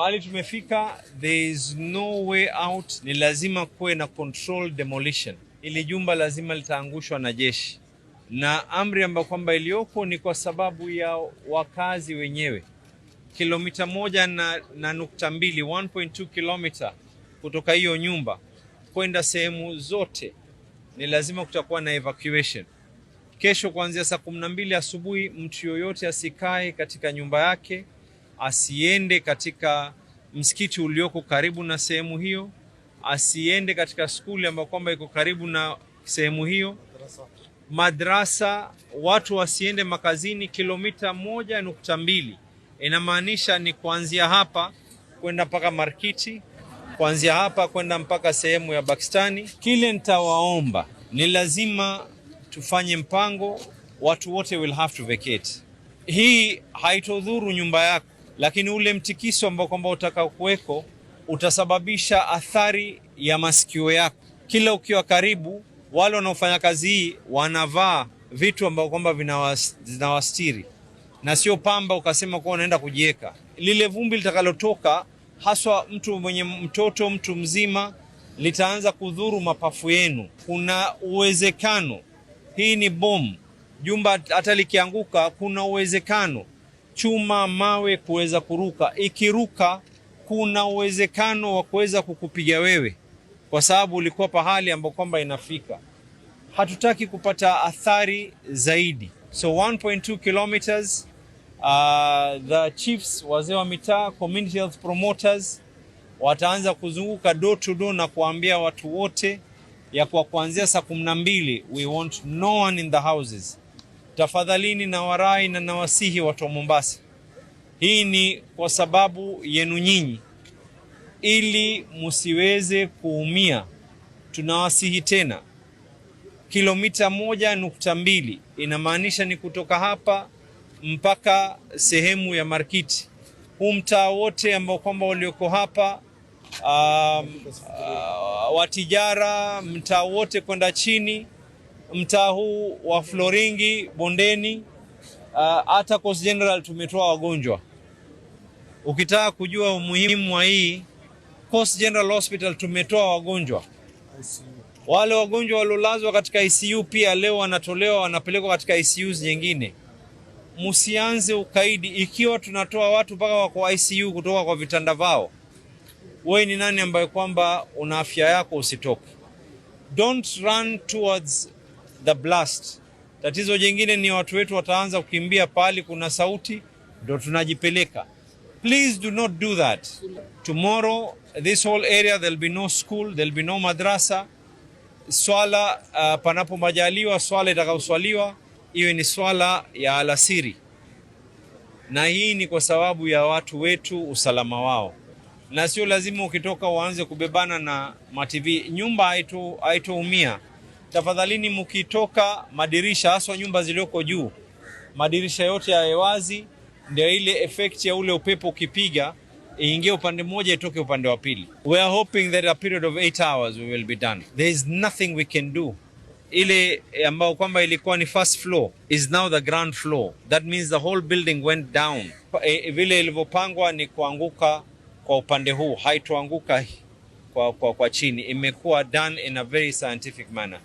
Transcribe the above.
Pahali tumefika, there is no way out. Ni lazima kuwe na control demolition, ili jumba lazima litaangushwa na jeshi, na amri ambayo kwamba iliyopo ni kwa sababu ya wakazi wenyewe. Kilomita moja na, na nukta mbili 1.2 kilomita kutoka hiyo nyumba kwenda sehemu zote, ni lazima kutakuwa na evacuation. Kesho kuanzia saa kumi na mbili asubuhi, mtu yoyote asikae katika nyumba yake asiende katika msikiti ulioko karibu na sehemu hiyo, asiende katika skuli ambayo kwamba iko karibu na sehemu hiyo, madrasa, watu wasiende makazini. Kilomita moja nukta mbili inamaanisha ni kuanzia hapa kwenda mpaka Markiti, kuanzia hapa kwenda mpaka sehemu ya Pakistani. Kile nitawaomba ni lazima tufanye mpango, watu wote will have to vacate. Hii haitodhuru nyumba yako lakini ule mtikiso ambao kwamba utakaokuweko utasababisha athari ya masikio yako. Kila ukiwa karibu, wale wanaofanya kazi hii wanavaa vitu ambao kwamba vinawastiri na sio pamba ukasema kuwa unaenda kujiweka. Lile vumbi litakalotoka, haswa mtu mwenye mtoto, mtu mzima, litaanza kudhuru mapafu yenu. Kuna uwezekano hii ni bomu, jumba hata likianguka, kuna uwezekano chuma, mawe kuweza kuruka. Ikiruka kuna uwezekano wa kuweza kukupiga wewe, kwa sababu ulikuwa pahali ambapo kwamba inafika. Hatutaki kupata athari zaidi, so 1.2 kilometers uh, the chiefs, wazee wa mitaa, community health promoters wataanza kuzunguka door to door na kuambia watu wote ya kwa kuanzia saa kumi na mbili we want no one in the houses tafadhalini na warai na nawasihi watu wa Mombasa, hii ni kwa sababu yenu nyinyi, ili musiweze kuumia. Tunawasihi tena, kilomita moja nukta mbili inamaanisha ni kutoka hapa mpaka sehemu ya Markiti, huu mtaa wote ambao kwamba walioko hapa um, uh, watijara, mtaa wote kwenda chini mtaa huu wa Floringi Bondeni, uh, hata uh, Coast General tumetoa wagonjwa. Ukitaka kujua umuhimu wa hii Coast General Hospital, tumetoa wagonjwa wale wagonjwa waliolazwa katika ICU pia leo wanatolewa wanapelekwa katika ICU nyingine. Msianze ukaidi, ikiwa tunatoa watu mpaka wako ICU kutoka kwa vitanda vao, wewe ni nani ambaye kwamba una afya yako usitoke? Don't run towards the blast. Tatizo jingine ni watu wetu wataanza kukimbia pahali kuna sauti, ndo tunajipeleka. Please do not do that. Tomorrow this whole area there'll be no school, there'll be no madrasa. Swala uh, panapo majaliwa, swala itakaoswaliwa iwe ni swala ya alasiri, na hii ni kwa sababu ya watu wetu, usalama wao, na sio lazima ukitoka uanze kubebana na mativi. Nyumba haitoumia tafadhalini, mkitoka madirisha, haswa nyumba zilizoko juu, madirisha yote yawe wazi, ndio ile effect ya ule upepo ukipiga iingie upande mmoja itoke upande wa pili. We are hoping that a period of 8 hours we will be done. There is nothing we can do. Ile ambayo kwamba ilikuwa ni first floor is now the ground floor. That means the whole building went down. E, vile ilivyopangwa ni kuanguka kwa upande huu, haitoanguka kwa, kwa, kwa chini. Imekuwa done in a very scientific manner.